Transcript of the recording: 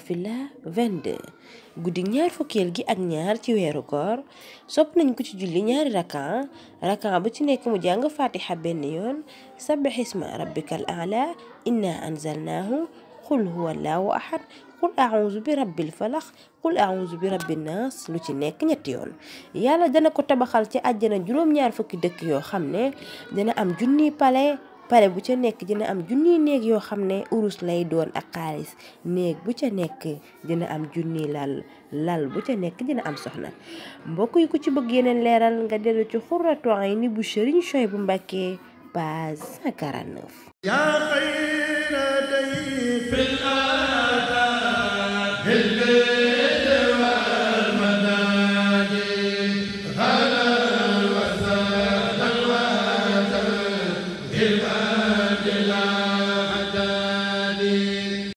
nafila 22 guddi ñaar fukkeel gi ak ñaar ci weeru koor sopp nañ ko ci julli ñaari rakan rakan bu ci nekk mu jàng fatiha benn yoon sabbih isma rabbikal a'la inna anzalnahu qul huwallahu ahad qul a'udhu bi rabbil falaq qul a'udhu bi rabbin nas lu ci nekk ñetti yoon yàlla dana ko tabaxal ci àjjana juróom-ñaar fukki dëkk yoo xam ne dana am junniy pale pare bu ca nekk dina am junniy néeg yoo xam ne urus lay doon ak xaalis néeg bu ca nekk dina am junniy lal lal bu ca nekk dina am soxna mbokk yi ku ci bëgg yeneen leeral nga dellu ci Xurratu Ayni bu Sëriñ Suwaybu Mbàkke page 149 Ila